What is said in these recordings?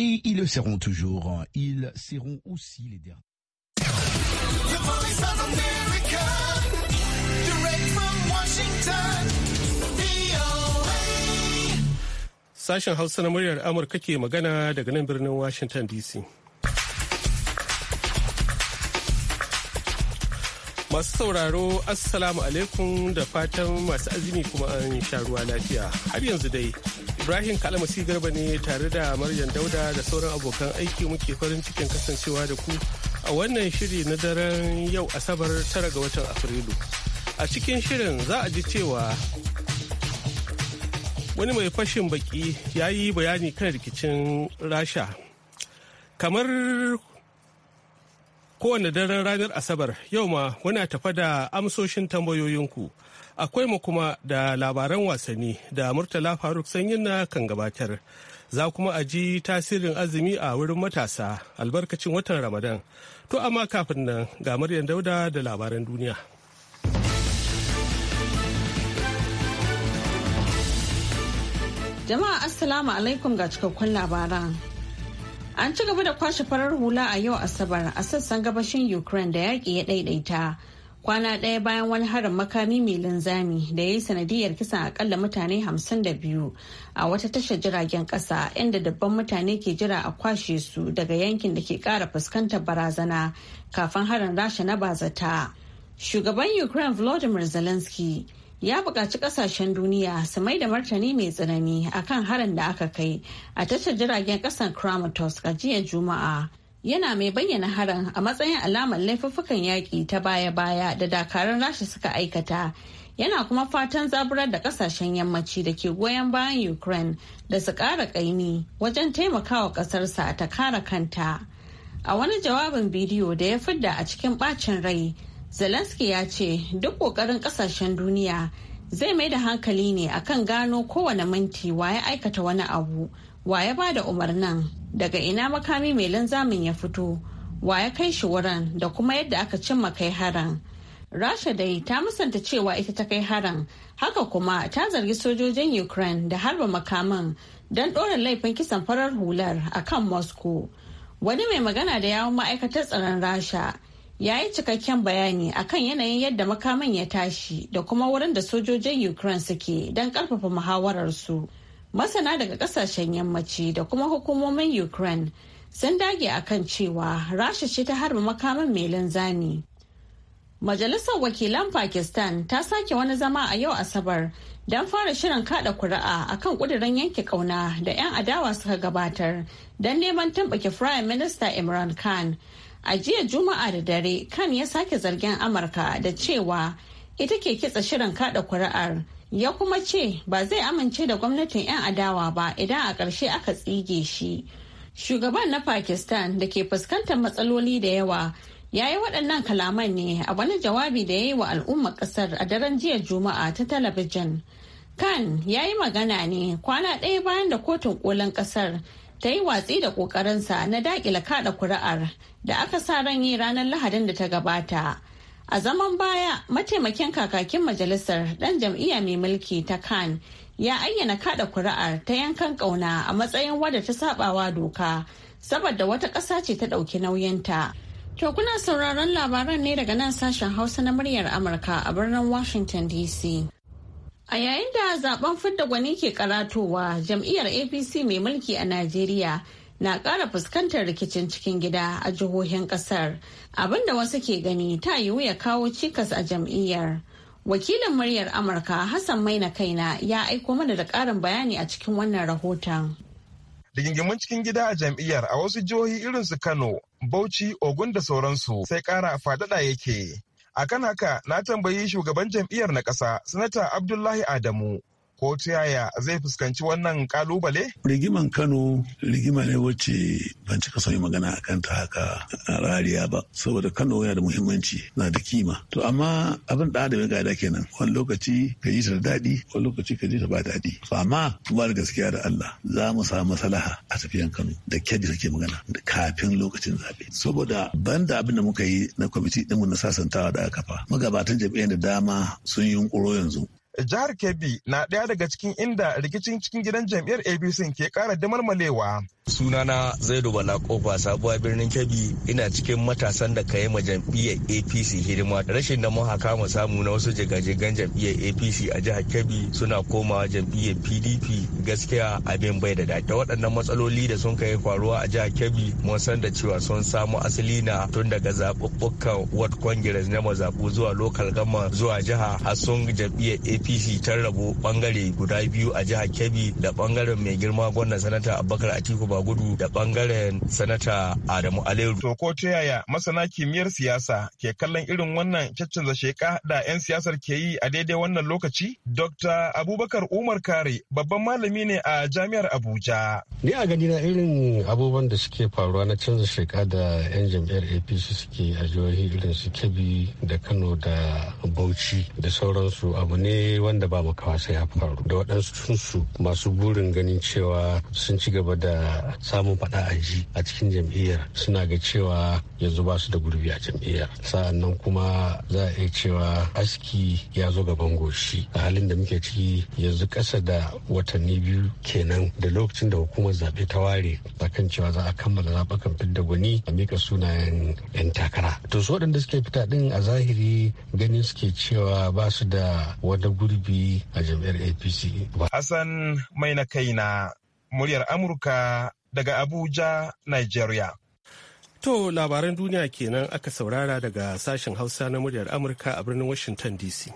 Et ils le seront toujours. Hein. Ils seront aussi les derniers. Sashen Hausa na muryar Amurka ke magana daga nan birnin Washington DC. Masu sauraro, Assalamu alaikum da fatan masu azumi kuma an sha ruwa lafiya. Har yanzu dai, Ibrahim si Garba ne tare da Maryam Dauda da sauran abokan aiki muke farin cikin kasancewa da ku a wannan shiri na daren yau Asabar tara ga watan Afrilu. A cikin shirin za a ji cewa wani mai fashin baki ya yi bayani kan rikicin Rasha. Kamar kowane daren ranar Asabar yau ma muna tafa da amsoshin tambayoyinku. ku. akwai mu kuma da labaran wasanni da murtala faruk sanyin na kan gabatar za kuma a ji tasirin azumi a wurin matasa albarkacin watan ramadan to amma kafin nan ga muryan dauda da labaran duniya jama'a assalamu alaikum ga cikakkun labaran an ci gaba da kwashe farar hula a yau asabar a sassan gabashin ukraine da yaƙi ya ɗaiɗaita kwana ɗaya bayan wani harin makami mai linzami da ya yi sanadiyar kisan akalla mutane 52 a wata tashar jiragen ƙasa inda dabban mutane ke jira a kwashe su daga yankin da ke ƙara fuskantar barazana kafin harin rasha na bazata. Shugaban Ukraine Volodymyr Zelensky ya buƙaci ƙasashen duniya su mai da martani mai tsanani akan harin da aka kai a tashar jiragen ƙasan Kramatorsk a jiya Juma'a yana mai bayyana harin a matsayin alamar laifuffukan yaƙi ta baya-baya da dakarun rasha suka aikata yana kuma fatan zaburar da kasashen yammaci da ke goyon bayan ukraine da su ƙara ƙaini wajen taimakawa ƙasarsa ta kare kanta a wani jawabin bidiyo da ya fidda a cikin ɓacin rai zelensky ya ce duk ƙoƙarin ƙasashen duniya zai mai da hankali ne akan gano kowane minti waye aikata wani abu waye ba da umarnin daga ina makami mai linzamin ya fito wa ya kai shi wurin da kuma yadda aka cimma kai haran rasha dai ta musanta cewa ita ta kai haran haka kuma ta zargi sojojin ukraine da harba makaman don ɗora laifin kisan farar hular a kan moscow wani mai magana da yawon ma'aikatar tsaron rasha ya yi cikakken bayani akan yanayin yadda makaman ya tashi da kuma wurin da sojojin ukraine suke don karfafa muhawararsu masana daga kasashen yammaci da kuma hukumomin ukraine sun dage a kan cewa rasha ce ta harba makaman mai linzami majalisar wakilan pakistan ta sake wani zama a yau asabar don fara shirin kada kuri'a akan kudirin yanke kauna da 'yan adawa suka gabatar don neman tambake prime minister imran khan a jiya juma'a da dare khan ya sake zargin amurka da cewa ita ke kitsa shirin kada kuri'ar ya kuma ce ba zai amince da gwamnatin 'yan adawa ba idan a ƙarshe aka tsige shi shugaban na pakistan da ke fuskantar matsaloli da yawa ya yi waɗannan kalaman ne a wani jawabi da ya yi wa al'ummar ƙasar a daren jiya juma'a ta talabijin kan ya yi magana ne kwana ɗaya bayan da kotun kolin ƙasar ta yi watsi da ƙoƙarinsa na daƙila kaɗa kuri'ar da aka sa ran yi ranar lahadin da ta gabata. A zaman baya, mataimakin kakakin majalisar ɗan jam'iyya mai mulki ta Khan ya ayyana kada kuri'ar ta yankan ƙauna a matsayin wadda ta sabawa doka, saboda wata ƙasa ce ta ɗauki nauyinta. To kuna sauraron labaran ne daga nan sashen Hausa na muryar Amurka a birnin Washington DC. A yayin da zaben fidda gwani ke karatowa, jam'iyyar APC mai mulki a Najeriya na ƙara fuskantar rikicin cikin gida a jihohin ƙasar abinda wasu ke gani ta yiwu ya kawo cikas a jam'iyyar wakilin muryar amurka hassan maina kaina ya aiko mana da ƙarin bayani a cikin wannan rahoton rigingimun cikin gida a jam'iyyar a wasu jihohi irin su kano bauchi ogun da sauransu sai kara faɗaɗa yake akan haka na tambayi shugaban jam'iyyar na ƙasa sanata abdullahi adamu ko ta yaya zai fuskanci wannan kalubale? rigiman kano rigima ne wacce ban cika sauyi magana a kanta haka a rariya ba saboda kano yana da muhimmanci na da kima to amma abin da adam ya gada kenan wani lokaci ka ji ta da daɗi wani lokaci ka ji ta ba daɗi to amma ba da gaskiya da Allah za mu samu maslaha a tafiyan kano da ta take magana kafin lokacin zaɓe saboda banda abin da muka yi na kwamiti mu na sasantawa da aka fa magabatan jam'iyyar da dama sun yi yunƙuro yanzu jihar kebbi na ɗaya daga cikin inda rikicin cikin gidan jam'iyyar apc ke ƙara damarmalewa sunana zaidu bala kofa sabuwa birnin kebbi ina cikin matasan da ka ma jam'iyyar apc hidima rashin da muhaka mu samu na wasu jigajigan jam'iyyar apc a jihar kebbi suna komawa jam'iyyar pdp gaskiya abin bai da daɗi waɗannan matsaloli da sun kai faruwa a jihar kebbi mun san da cewa sun samu asali na tun daga zaɓuɓɓukan ward congress na mazaɓu zuwa lokal gama zuwa jiha har sun jam'iyyar apc ta rabo ɓangare guda biyu a jihar kebbi da ɓangaren mai girma gwamnan sanata abubakar atiku ba arewa gudu da bangaren sanata adamu aleru to ko ta yaya masana kimiyyar siyasa ke kallon irin wannan caccanza sheka da 'yan siyasar ke yi a daidai wannan lokaci dr abubakar umar kare babban malami ne a jami'ar abuja ni a gani na irin abubuwan da suke faruwa na canza sheka da 'yan jam'iyyar apc suke a jihohi irin su kebbi da kano da bauchi da sauransu abu ne wanda ba makawa sai ya faru da waɗansu su masu burin ganin cewa sun ci gaba da samun faɗa a ji a cikin jam'iyyar suna ga cewa yanzu ba su da gurbi a jam'iyyar sa'annan kuma za a iya cewa aski ya zo ga gaban goshi a halin da muke ciki yanzu ƙasa da watanni biyu kenan da lokacin da hukumar zaɓe ta ware akan cewa za a kammala zaɓukan fidda gwani a mika sunayen 'yan takara to su waɗanda suke fita ɗin a zahiri ganin suke cewa ba su da wani gurbi a jam'iyyar apc hassan mai na kai na muryar amurka daga Abuja, Nigeria. To labaran duniya kenan aka saurara daga sashen Hausa na muryar Amurka a birnin Washington DC.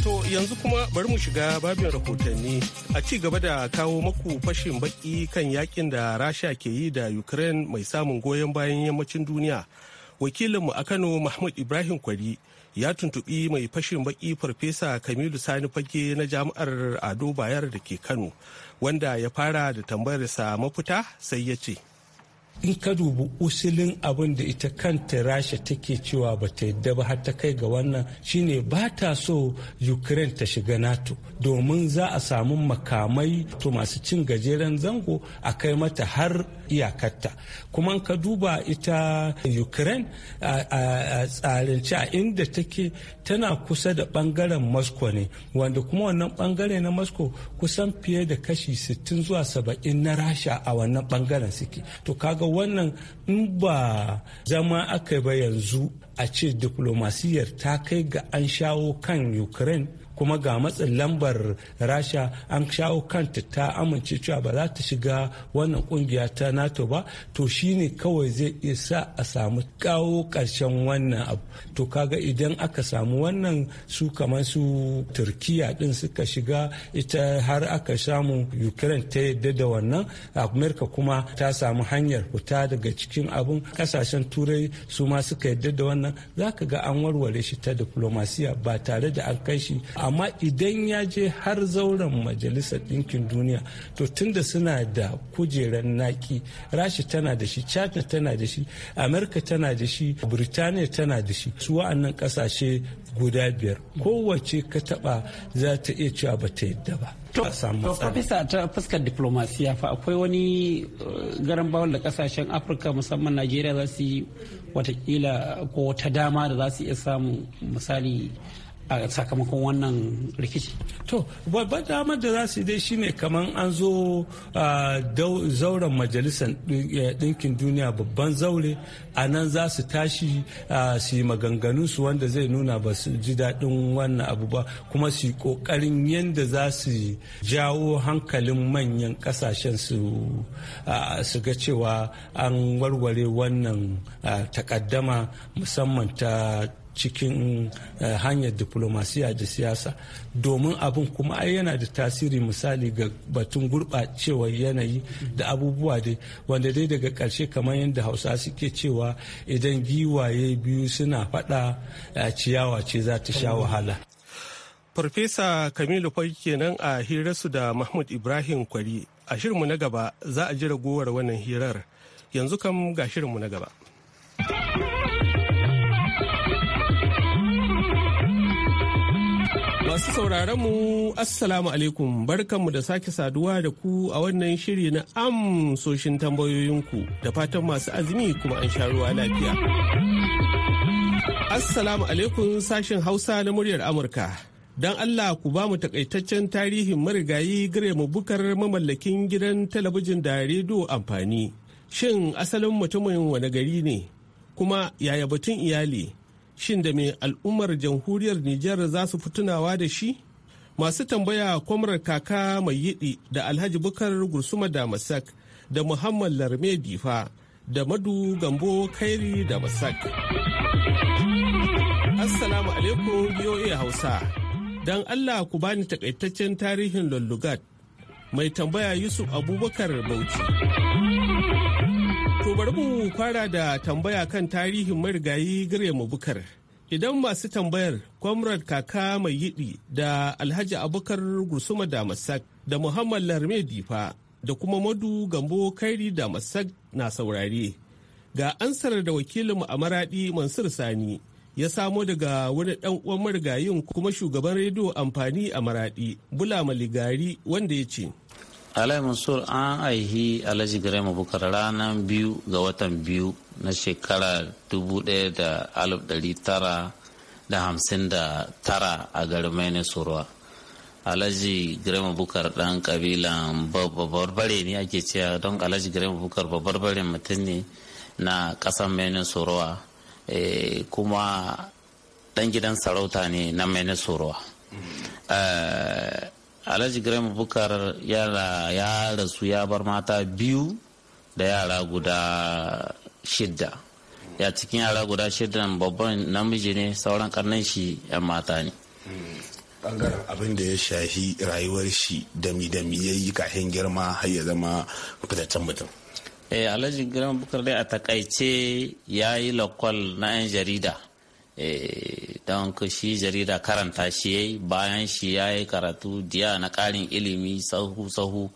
to yanzu kuma bari mu shiga babin rahotanni a ci gaba da kawo maku fashin baki kan yakin da rasha ke yi da ukraine mai samun goyon bayan yammacin duniya wakilinmu a kano mahmud ibrahim kwari ya tuntuɓi mai fashin baki farfesa kamilu sani fage na jami'ar ado bayar da ke kano wanda ya fara da tambayarsa mafita sai ya ce in ka dubi usulin abin da ita kanta rasha take cewa ba ta yadda ba har ta kai ga wannan shine ba ta so ukraine ta shiga nato domin za a samu makamai to masu cin gajeren zango a kai mata har iyakarta kuma ka duba ita ukraine a tsarince a inda take tana kusa da bangaren moscow ne wanda kuma wannan bangare na moscow kusan fiye da kashi 60 zuwa 70 na rasha a wannan bangaren suke to kaga wannan in ba zama aka ba yanzu a ce diplomasiyyar ta kai ga an shawo kan ukraine kuma ga matsin lambar rasha an shawo kanta ta amince cewa ba za ta shiga wannan kungiya ta nato ba to shine kawai zai iya sa a samu kawo karshen wannan abu to kaga idan aka samu wannan su kamar su turkiya din suka shiga ita har aka samu ukraine ta yadda da wannan amerika kuma ta samu hanyar fita daga cikin abin kasashen turai su ma suka yadda da wannan za ka ga an warware shi ta diplomasiya ba tare da an kai shi a amma idan ya je har zauren majalisar ɗinkin duniya to tunda suna da kujerar naki rashi tana da shi china tana da shi amerika tana da shi birtaniya tana da shi su wa'annan ƙasashe guda biyar kowace ka taɓa za ta iya cewa ba ta yadda ba To, kafisa ta fuskar diplomasiya fa akwai wani uh, garan bawon da kasashen Afirka musamman Najeriya za su yi watakila ko wata dama da za su iya samu misali a sakamakon wannan rikici. To, babban damar da za su dai shine kamar an zo zauren majalisar eh, ɗinkin duniya babban zaure a nan za su tashi su yi maganganu su wanda zai nuna ba su ji daɗin wannan abu ba kuma su yi ƙoƙarin yadda za su jawo hankalin manyan ƙasashen su ga cewa an warware wannan takaddama musamman ta cikin eh, hanyar diplomasiya da siyasa domin abin kuma ai yana da tasiri misali ga batun gurɓacewar yanayi da abubuwa dai wanda dai daga ƙarshe kamar yadda hausa suke cewa idan giwaye biyu suna faɗa eh, ciyawa ce za ta sha wahala farfesa kamilu fai kenan a hirarsu da mahmud ibrahim kwari a shirinmu na gaba za a ji ragowar wannan hirar yanzu kam ga shirinmu na gaba Masu sauraron mu Assalamu alaikum barkanmu da sake saduwa da ku a wannan shiri na amsoshin tambayoyinku da fatan masu azumi kuma an sha ruwa lafiya. Assalamu alaikum sashin Hausa na muryar Amurka. Don Allah ku ba mu takaitaccen tarihin marigayi mu bukar mamallakin gidan talabijin da rediyo amfani. Shin asalin mutumin wani gari ne? Kuma yaya batun iyali? shin da me al'ummar jamhuriyar Nijar za su fi tunawa da shi? Masu tambaya kwamar kaka mai yiɗi da Alhaji Bukar Gursuma da Masak da Muhammad Larme Difa da Madu Gambo Kairi da Masak. Assalamu alaikum BOA Hausa. Don Allah ku bani takaitaccen tarihin Lullugat. Mai tambaya Yusuf Abubakar Bauchi. To bari mu fara da tambaya kan tarihin marigayi mu Bukar. Idan masu tambayar Kwamrad Kaka Mai Yiɗi da Alhaji Abubakar Gursuma Masak da Muhammad Larme Difa da kuma Madu Gambo Kairi Masak na saurare. Ga ansar da wakilinmu a Maraɗi Mansur Sani ya samo daga wani ɗan uwan marigayin kuma shugaban rediyo amfani a Maraɗi Bula Maligari wanda ya ce. alai mansur an aihi alhaji garema bukar ranar biyu ga watan biyu na shekara 1959 a garin maini surwa alhaji garema bukar dan kabilan babarbare ne ake cewa don alhaji garema bukar babarbare mutum ne na kasan maini surwa eh, kuma dan gidan sarauta ne na maini surwa eh, alhaji graham bukar yara ya rasu ya bar mata biyu da yara guda shidda ya cikin yara guda shidda babban namiji ne sauran karnan shi 'yan mata ne ɓangaren abin da ya shahi rayuwar shi dami dami ya yi kafin girma har ya zama fitaccen mutum eh alhaji graham bukar dai a takaice ya yi lakwal na 'yan jarida Eh, don shi jarida karanta shi yayi bayan shi ya yi karatu diya na karin ilimi sahu-sahu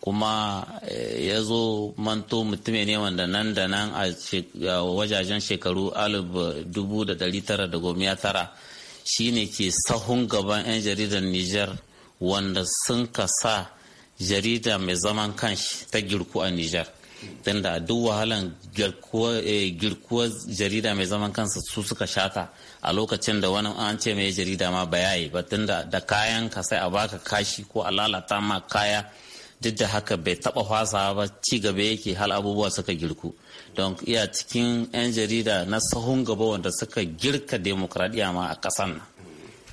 kuma eh, ya zo manto mutumin ne wanda nan da nan a wajajen shekaru tara shi ne ke sahun gaban 'yan jaridar niger wanda sun ka sa jarida mai zaman kanshi ta girku a niger tunda duk wahalan eh, girkuwar jarida mai zaman kansa su suka shata a lokacin da wani an ce mai jarida ma bayayi ba tunda da kayan ka sai a baka kashi ko a lalata ma kaya duk da haka bai taba fasa ba ci gaba yake hal abubuwa suka girku don iya cikin 'yan jarida na sahun gaba wanda suka girka demokradiyya ma a kasan nan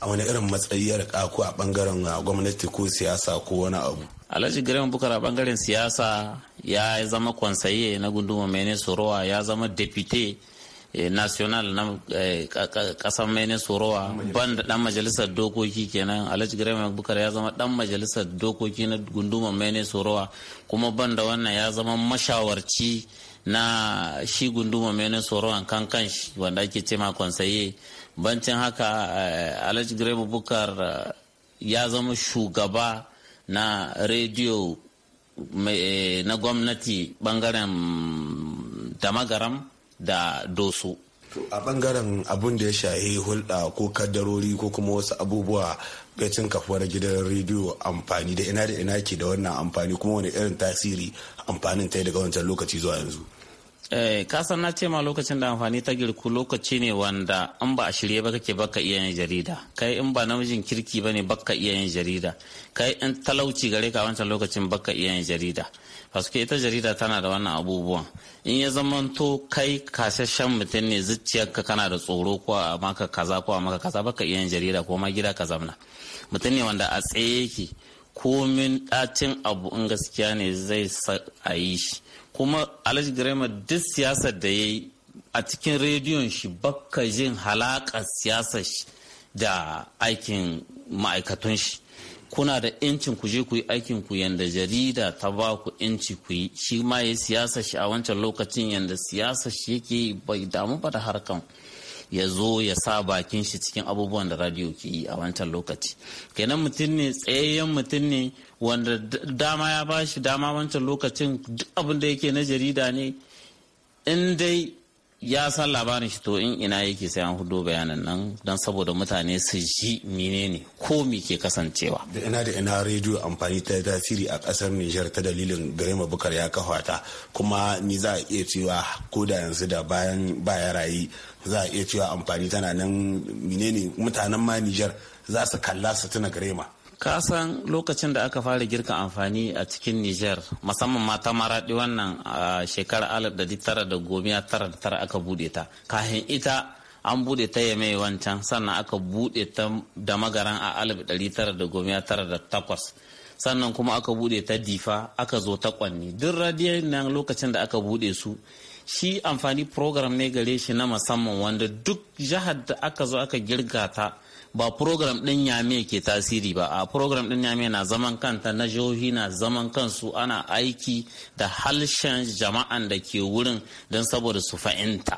a wani irin matsayi ya rika ko a bangaren ah, gwamnati ko siyasa ko wani abu alhaji bukar bukara bangaren siyasa ya zama kwansaye na gunduma mene sorowa ya zama depute eh, national na eh, kasan mene sorowa ban da dan majalisar dokoki kenan alhaji garema bukara ya zama dan majalisar dokoki na gunduma mene sorowa kuma ban da wannan ya zama mashawarci na shi gunduma mene sorowan kan shi wanda ake ce ma kwansaye bancin haka eh, alhaji garema bukar ya zama shugaba na rediyo eh, na gwamnati bangaren damagaram da doso a bangaren abun da ya shahi hulɗa ko kaddarori ko kuma wasu abubuwa bacin kafuwar gidan rediyo amfani da ina da ina ke da wannan amfani kuma wani irin tasiri amfanin ta daga wancan lokaci zuwa yanzu Eh, ka kasan na ce ma lokacin da amfani ta girku lokaci ne wanda an ba a shirye ba kake baka iya yin jarida kai in ba namijin kirki ba ne baka iya yin jarida kai in talauci gare ka wancan lokacin baka iya yin jarida paske ita jarida tana da wannan abubuwan in ya zamanto kai kasashen mutum ne zuciyarka kana da tsoro ko a maka kaza ko a maka kaza baka iya yin jarida ko ma gida ka zamna mutum ne wanda a tsaye yake komin ɗacin abu in gaskiya ne zai a yi shi kuma alhaji grema duk siyasar da ya yi a cikin rediyon shi bakka jin halakar siyasar shi da aikin ma'aikatun shi kuna da yancin ku je ku yi aikin ku yanda jarida ta ba ku yanci ku yi shi ma ya siyasa shi a wancan lokacin yanda siyasa shi yake bai damu ba da harkan ya zo ya sa bakin shi cikin abubuwan da radio ke yi a wancan lokaci kenan mutum ne tsayayyen mutum ne wanda dama ya ba shi dama wancan lokacin duk abin da yake na jarida ne in dai ya san labarin shi to in ina yake sai an hudo bayanan nan don saboda mutane su ji ne ko me ke kasancewa da ina da ina rediyo amfani ta tasiri a kasar Nijar ta dalilin Garema Bukar ya kafa kuma ni za a iya cewa ko da yanzu da bayan baya rayu za a iya cewa amfani tana nan menene mutanen ma Nijar za su kalla su tuna garema. Ka san lokacin da aka fara girka amfani a cikin Nijar musamman mata maraɗi wannan a shekarar 1999 aka buɗe ta. Kahin ita an bude ta yame wancan sannan aka bude ta da magaran a 1998 sannan kuma aka bude ta difa aka zo ta kwanni duk radiyar nan lokacin da aka bude su shi amfani program ne gare shi na musamman wanda duk jihar da aka zo aka girga ta ba program din yame ke tasiri ba a program din yame na zaman kanta na jihohi na zaman kansu ana aiki da halshen jama'an da ke wurin don saboda su fahimta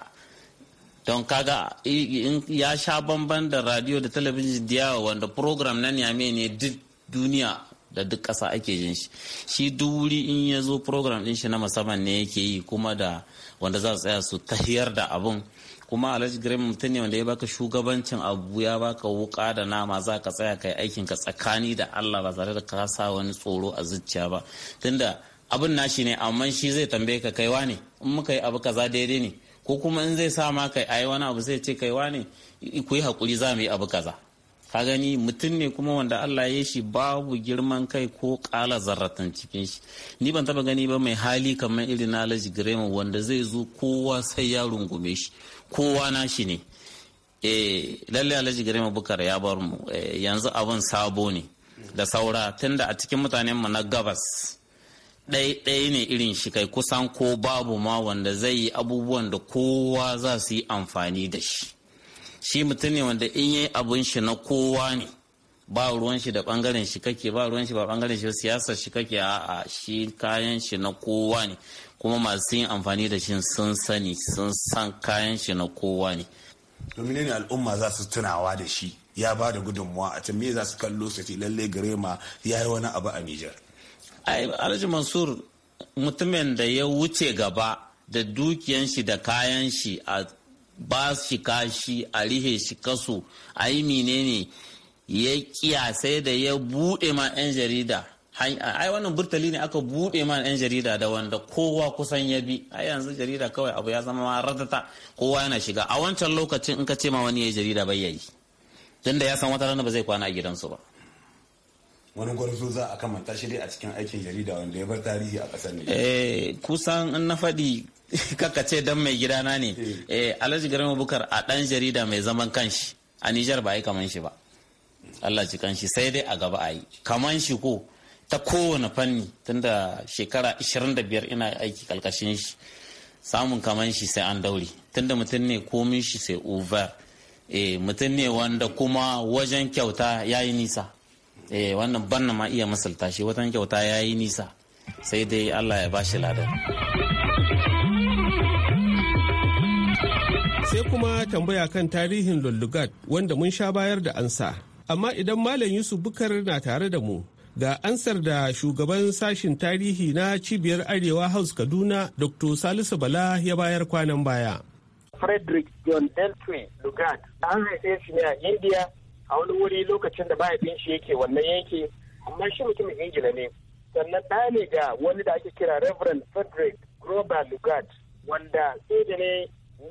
don kaga ya sha bamban da radio da talabijin da yawa wanda program nan yame ne duk duniya da duk ƙasa ake jin shi shi duk wuri in ya zo program din shi na musamman ne yake yi kuma da wanda za su tsaya su tahiyar da abun kuma alhaji graham mutum ne wanda ya baka shugabancin abu ya baka wuka da nama za ka tsaya kai aikin ka tsakani da allah ba tare da ka sa wani tsoro a zuciya ba tunda abin nashi ne amma shi zai tambaye ka kaiwa ne in muka yi abu kaza daidai ne ko kuma in zai sa ma kai ayi wani abu zai ce kaiwa ne ku yi hakuri za mu yi abu kaza ka gani mutum ne kuma wanda Allah ya shi babu girman kai ko kala zarratan cikin shi ni ban taba gani ba mai hali kamar irin na Alhaji Grema wanda zai zo kowa sai ya rungume shi kowa na shi ne eh lalle Alhaji Grema Bukar ya bar mu eh, yanzu abin sabo ne da saura tunda a cikin mutanen mu na gabas ɗaya ɗaya ne irin shi kai kusan ko babu ma wanda zai yi abubuwan da kowa za su yi amfani da shi shi mutum ne wanda in yi abun shi na kowa ne ba ruwan shi da bangaren shi kake ba ruwan shi ba bangaren shi siyasar shi kake a shi kayan shi na kowa ne kuma masu yin amfani da shi sun sani sun san kayan shi na kowa ne domin ne al'umma za su tunawa da shi ya ba da gudunmuwa a can me za su kallo su ce lalle garema ya yi wani abu a Nijar. ai alhaji mansur mutumin da ya wuce gaba da dukiyan shi da kayan shi a ba shi kashi a rihe shi kasu a yi menene ya kiyasai da ya buɗe ma 'yan jarida ai wannan burtali ne aka buɗe ma 'yan jarida da wanda kowa kusan ya bi a yanzu jarida kawai abu ya zama ratata kowa yana shiga a wancan lokacin in ka ce ma wani ya jarida bai yayi tunda ya san wata rana ba zai kwana a gidansu ba wani gwarzo za a kamanta shi dai a cikin aikin jarida wanda ya bar tarihi a kasar ne. Eh, kusan in na faɗi kaka ce dan mai gidana ne eh, eh alhaji garin bukar a dan jarida mai zaman kanshi a Nijar ba a yi kaman shi ba Allah ji kanshi sai dai a gaba a yi kaman shi ko ta kowane fanni tunda shekara 25 ina aiki kalkashin shi samun kaman shi sai an daure tunda mutum ne komin shi sai over eh mutum ne wanda kuma wajen kyauta yayi nisa eh wannan banna ma iya misalta shi wajen kyauta yayi nisa sai dai Allah ya bashi ladan sai kuma tambaya kan tarihin lullugat wanda mun sha bayar da ansa amma idan malam yusuf bukar na tare da mu ga ansar da shugaban sashin tarihi na cibiyar arewa house kaduna dr salisu bala ya bayar kwanan baya frederick john lugad lugard an haife shi ne a india a wani wuri lokacin da mahaifin shi yake wannan yanki amma shi mutumin ingila ne sannan ɗaya ne ga wani da ake kira reverend frederick grover lugard wanda sai ne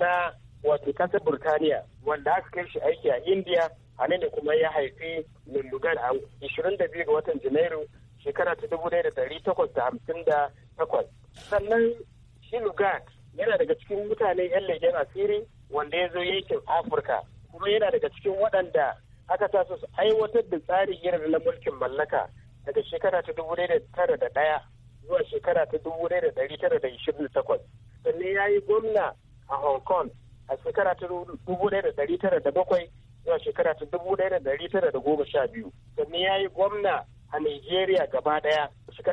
na wato kasar burtaniya wanda aka kai shi aiki a india a nan da kuma ya haifi lullugar a 22 ga watan janairu shekara ta 1858 sannan shi lugar yana daga cikin mutane 'yan legen asiri wanda ya zo yankin afirka kuma yana daga cikin waɗanda aka sa su aiwatar da tsarin irin na mulkin mallaka daga shekara ta 1901 zuwa shekara ta 1928 sannan ya yi gwamna a hong kong a shekara ta dubu ɗaya da ɗari tara da bakwai zuwa shekara ta dubu ɗaya da ɗari tara da goma sha biyu sannan ya yi gwamna a nigeria gaba ɗaya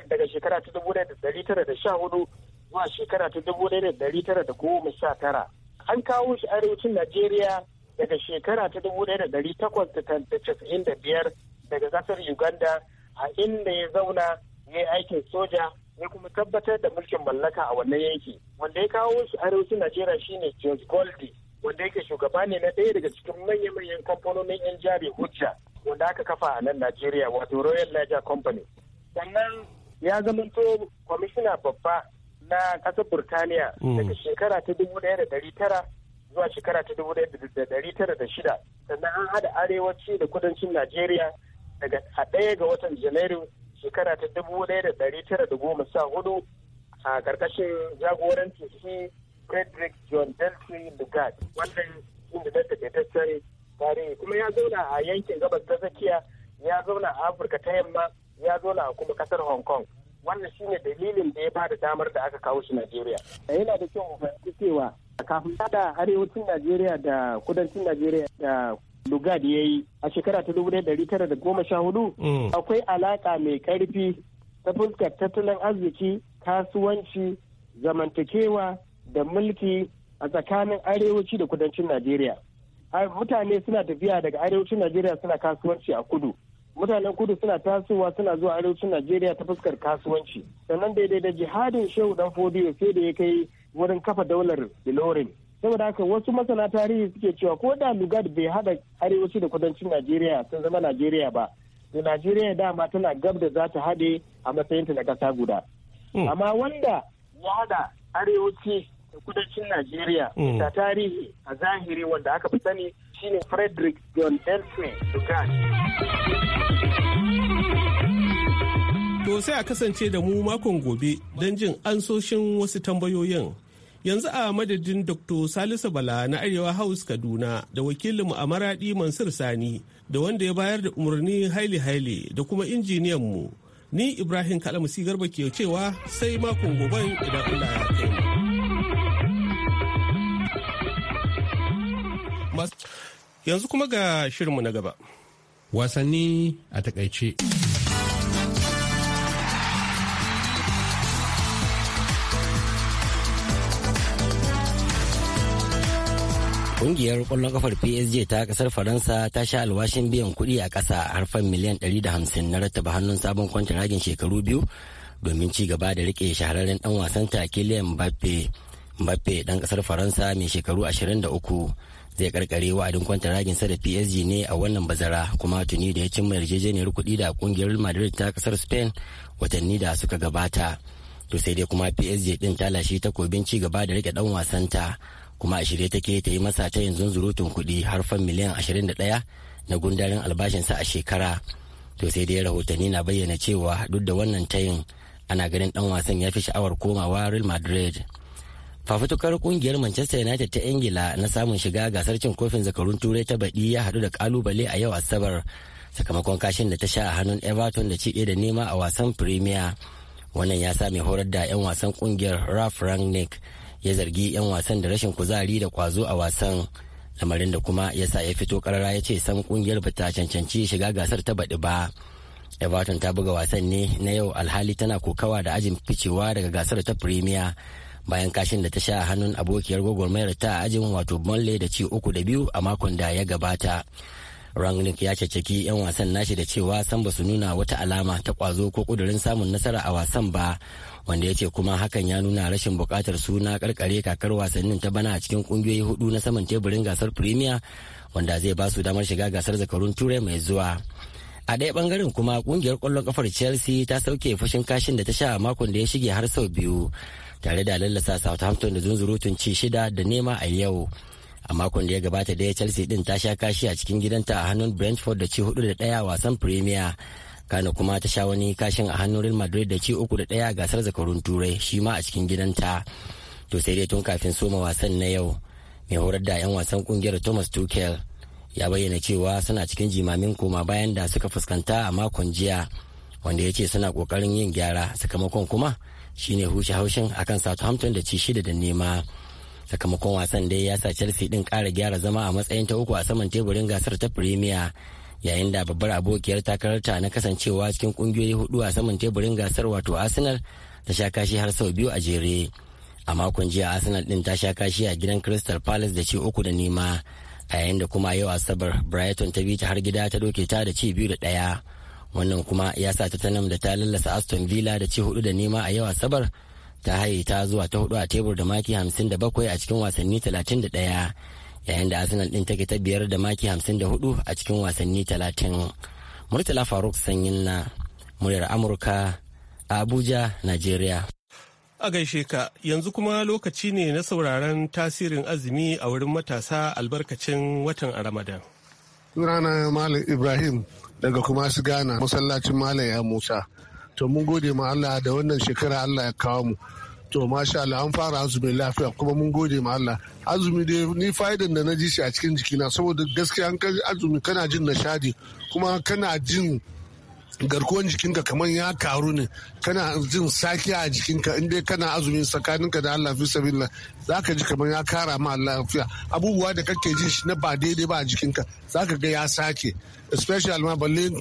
daga shekara ta dubu ɗaya da ɗari tara da sha hudu zuwa shekara ta dubu ɗaya da ɗari tara da goma sha tara an kawo shi arewacin najeriya daga shekara ta dubu ɗaya da ɗari takwas da casa'in da biyar daga ƙasar uganda a inda ya zauna ya yi aikin soja ya kuma tabbatar da mulkin mallaka a wannan yanki wanda ya kawo shi arewacin najeriya shine james goldi wanda yake shugaba ne na ɗaya daga cikin manya-manyan kamfanonin yan jari hujja wanda aka kafa a nan najeriya wato royal niger company sannan ya zamanto kwamishina babba na ƙasar burtaniya hmm. daga shekara ta dubu ɗaya da ɗari tara zuwa shekara ta dubu ɗaya da ɗari tara da shida sannan an haɗa arewaci da kudancin najeriya daga a ɗaya ga watan janairu shekara ta dubu ɗaya da ɗari tara da goma sha hudu a ƙarƙashin jagorancin shi Frederick John Delphi Lugard wannan inda da takaitaccen tarihi kuma ya zauna a yankin gabas ta tsakiya ya zauna a Afirka ta yamma ya zauna a kuma ƙasar Hong Kong wannan shine dalilin da ya ba da damar da aka kawo shi Najeriya. Yana da kyau mu fahimci cewa kafin da arewacin Najeriya da kudancin Najeriya da lugard ya yi a shekara ta dubu tara da goma sha hudu. Mm. akwai alaƙa mai ƙarfi ta fuskar tattalin arziki kasuwanci zamantakewa da mulki a tsakanin arewaci da kudancin najeriya mutane suna tafiya daga arewacin najeriya suna kasuwanci a kudu mutanen kudu suna tasowa suna zuwa arewacin najeriya ta fuskar kasuwanci sannan daidai da jihadin shehu dan fodiyo sai da ya kai wurin kafa daular ilorin saboda haka wasu masana tarihi suke cewa ko da lugard bai hada arewaci da kudancin najeriya sun zama najeriya ba da najeriya dama tana gab da za ta hade a matsayin ta na kasa guda hmm. amma wanda ya hada arewaci da kudancin najeriya da hmm. tarihi a zahiri wanda aka fi sani shine frederick john elfin lugard To sai a kasance da mu makon gobe don jin ansoshin wasu tambayoyin yanzu a madadin dr salisu bala na arewa house kaduna da wakilin mu a maradi mansur sani da wanda ya bayar da umarni haile haile da kuma injiniyan mu ni ibrahim kalamusi garba ke cewa sai makon goban idan allah ya kai yanzu kuma ga shirinmu na gaba wasanni a takaice Kungiyar kwallon kafar PSG ta kasar Faransa ta sha alwashin biyan kuɗi a kasa harfan miliyan 150 na rattaba hannun sabon kwantaragin shekaru biyu domin ci gaba da rike shahararren dan wasan ta Kylian Mbappe. Mbappe dan kasar Faransa mai shekaru 23 zai karkare wa'adin kwantaragin sa da PSG ne a wannan bazara kuma tuni da ya cimma yarjejeniyar kuɗi da kungiyar Madrid ta kasar Spain watanni da suka gabata. To sai dai kuma PSG din ta lashe takobin ci gaba da rike dan wasan ta kuma a shirye take ta yi masa ta yanzu zurutun kuɗi har fan miliyan 21 na gundarin albashinsa a shekara to sai dai rahotanni na bayyana cewa duk da wannan tayin ana ganin dan wasan ya fi sha'awar komawa real madrid fafutukar kungiyar manchester united ta ingila na samun shiga gasar cin kofin zakarun turai ta baɗi ya haɗu da kalubale a yau asabar sakamakon kashin da ta sha a hannun everton da ci da nema a wasan premier wannan ya sa mai horar da 'yan wasan kungiyar ralph rangnick ya zargi 'yan wasan da rashin kuzari da kwazo a wasan lamarin da kuma ya sa ya fito karara ya ce san kungiyar ba ta cancanci shiga gasar ta baɗi ba everton ta buga wasan ne na yau alhali tana kokawa da ajin ficewa daga gasar ta premier bayan kashin da ta sha a hannun abokiyar gwagwarmayar ta a ajin wato bonle da ci uku da biyu a makon da ya gabata rangnick ya caccaki 'yan wasan nashi da cewa san ba su nuna wata alama ta kwazo ko kudurin samun nasara a wasan ba wanda ya ce kuma hakan ya nuna rashin bukatar suna karkare kakar wasannin ta bana a cikin kungiyoyi hudu na saman teburin gasar premier wanda zai ba su damar shiga gasar zakarun turai mai zuwa a ɗaya bangaren kuma kungiyar kwallon kafar chelsea ta sauke fashin kashin da ta sha a makon da ya shige har sau biyu tare da lallasa southampton da zunzurutun ci shida da nema a yau a makon da ya gabata dai chelsea din ta sha kashi a cikin gidanta a hannun brentford da ci hudu da ɗaya wasan premier kano kuma ta sha wani kashin a hannun real madrid da ci uku da ɗaya a gasar zakarun turai shi ma a cikin gidanta to sai dai tun kafin soma wasan na yau mai horar da 'yan wasan kungiyar thomas tuchel ya bayyana cewa suna cikin jimamin koma bayan da suka fuskanta a makon jiya wanda ya ce suna kokarin yin gyara sakamakon kuma shine hushe haushin akan southampton da ci shida da nema sakamakon wasan dai ya sa chelsea din kara gyara zama a matsayin ta uku a saman teburin gasar ta premier yayin da babbar abokiyar takararta na kasancewa cikin kungiyoyi hudu a saman teburin gasar wato arsenal ta sha kashi har sau biyu a jere a makon jiya arsenal din ta sha kashi a gidan crystal palace da ci uku da nema a yayin da kuma yau asabar brighton ta bi ta har gida ta doke ta da ci biyu da daya wannan kuma ya sa tottenham da ta lallasa aston villa da ci hudu da nema a yau asabar ta haye ta zuwa ta hudu a tebur da maki hamsin da bakwai a cikin wasanni talatin da ɗaya yayin da arsenal din take ta biyar da maki 54 a cikin wasanni 30 murtala faruk sanyin na muryar amurka a abuja nigeria a gaishe ka yanzu kuma lokaci ne na sauraron tasirin azumi a wurin matasa albarkacin watan ramadan sunana malam ibrahim daga kuma su gana masallacin malam ya musa to mun gode ma allah da wannan shekara allah ya kawo mu to masha Allah an fara azumi lafiya kuma mun gode ma Allah azumi dai ni fa'idan da na ji shi a cikin jikina saboda gaskiya an kai azumi kana jin nishadi kuma kana jin garkuwan jikinka kamar ya karu ne kana jin saki a jikinka in dai kana azumi tsakaninka da Allah fi sabilla za ji kamar ya kara ma lafiya abubuwa da kake jin shi na ba daidai ba a jikinka zaka ga ya sake especially ma balle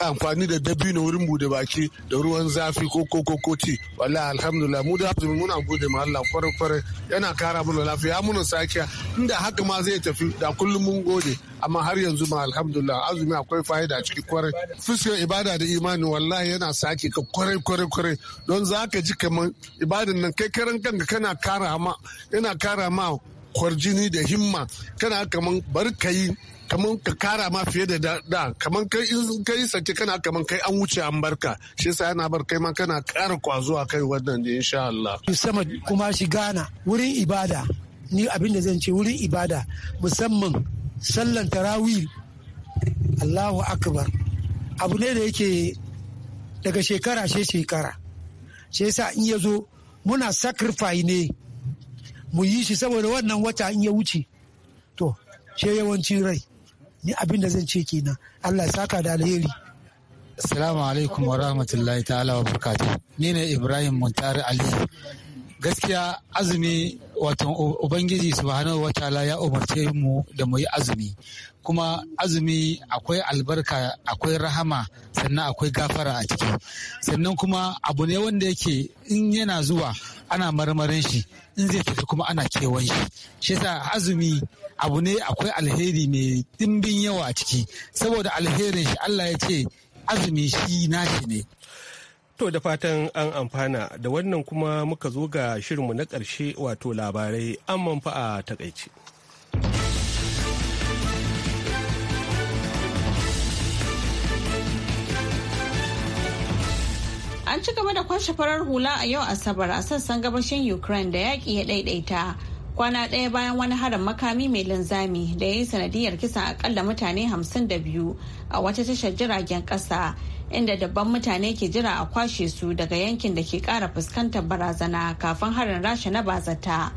amfani da dabino wurin bude baki da ruwan zafi ko ko ko koti wala alhamdulillah mu da azumi muna gode ma Allah kwarar kwarar yana kara mana lafiya mun sakiya inda haka ma zai tafi da kullum mun gode amma har yanzu ma alhamdulillah azumi akwai fa'ida ciki kwarai fuskar ibada da imani wallahi yana sake ka kwarai kwarai kwarai don za ka ji kaman ibadan nan kai karan kanka kana kara ma yana kara ma kwarjini da himma kana kaman barkayi kamar ka kara ma fiye da da kamar kai in kai sake kana kamar kai an wuce an barka shi yasa yana bar kai ma kana kara kwazo kai wannan da insha Allah sama kuma shi Ghana wurin ibada ni abin da zan ce wurin ibada musamman sallan tarawih Allahu akbar abu ne da yake daga shekara she shekara shi yasa in ya zo muna sacrifice ne mu yi shi saboda wannan wata in ya wuce to she yawancin rai ni abin da zan ce kenan allah saka da alheri assalamu alaikum wa rahmatullahi ta'ala wa barkatu ni ne ibrahim muntari ali gaskiya azumi wato ubangiji subhanahu wa ta'ala ya umarce mu da mu yi azumi kuma azumi akwai albarka akwai rahama sannan akwai gafara a ciki sannan kuma abu ne wanda yake in yana zuwa ana marmarin shi in zai tafi kuma ana kewan shi shi azumi abu ne akwai alheri mai dimbin yawa a ciki saboda alherin shi Allah ya ce azumi shi nashi ne To da fatan an amfana da wannan kuma muka zo ga shirinmu na ƙarshe wato labarai an manfa a takaici. An ci gaba da kwashe farar hula a yau Asabar a sassan gabashin Ukraine da yaƙi ya ɗaiɗaita. kwana ɗaya bayan wani harin makami mai linzami da ya yi sanadiyar kisa akalla mutane 52 a wata tashar jiragen ƙasa inda dabban mutane ke jira a kwashe su daga yankin da ke ƙara fuskantar barazana kafin harin rasha na bazata.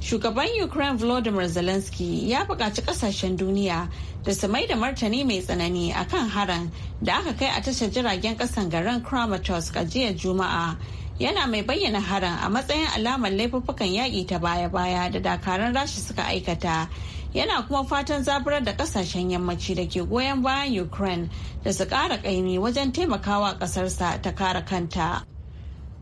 Shugaban Ukraine Volodymyr Zelensky ya buƙaci ƙasashen duniya da su mai da martani mai tsanani akan harin da aka kai a tashar jiragen ƙasan garin Kramatorsk a jiya Juma'a. yana mai bayyana harin a matsayin alamar laifuffukan yaƙi ta baya-baya da dakaran rashi suka aikata yana kuma fatan zaburar da kasashen yammaci da ke goyon bayan ukraine da su ƙara ƙaimi wajen taimakawa ƙasarsa ta kare kanta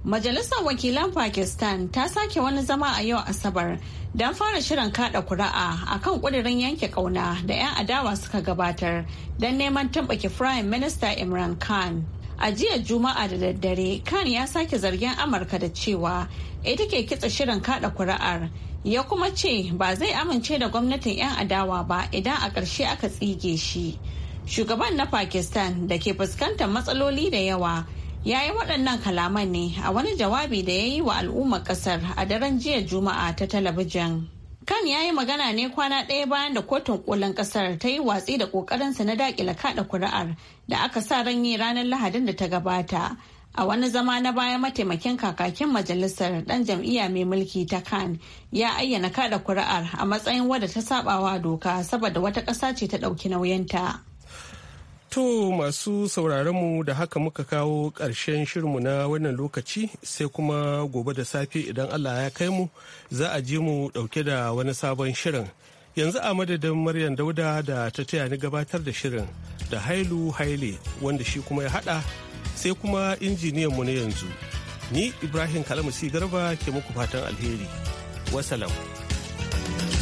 majalisar wakilan pakistan ta sake wani zama a yau asabar don fara shirin kada kura'a kan kudirin yanke kauna da 'yan adawa suka gabatar don neman tambake prime minister imran khan a jiya juma'a da daddare kan ya sake zargin amurka da cewa ita ke kitsa shirin kada kuri'ar ya kuma ce ba zai amince da gwamnatin 'yan adawa ba idan a ƙarshe aka tsige shi shugaban na pakistan da ke fuskantar matsaloli da yawa ya yi waɗannan kalaman ne a wani jawabi da ya yi wa al'ummar ƙasar a daren jiya juma'a ta talabijin. Kan ya yi magana ne kwana ɗaya bayan da kotun kolin ƙasar ta yi watsi da ƙoƙarinsa na daƙila kaɗa kuri'ar da aka sa ran yi ranar Lahadin da ta gabata. A wani zama na baya mataimakin kakakin majalisar ɗan jam'iyya mai mulki ta kan ya ayyana kaɗa kuri'ar a matsayin wadda ta sabawa doka saboda wata ƙasa ce ta ɗauki nauyinta. To masu sauraronmu da haka muka kawo ƙarshen shirinmu na wannan lokaci sai kuma gobe da safe idan Allah ya kai mu za a ji mu ɗauke da wani sabon shirin. Yanzu a madadin Maryam Dauda da ta taya ni gabatar da shirin da Hailu Haile wanda shi kuma ya haɗa sai kuma injiniyan mu na yanzu. Ni Ibrahim Kalamusi Garba ke muku fatan alheri. Wasalam.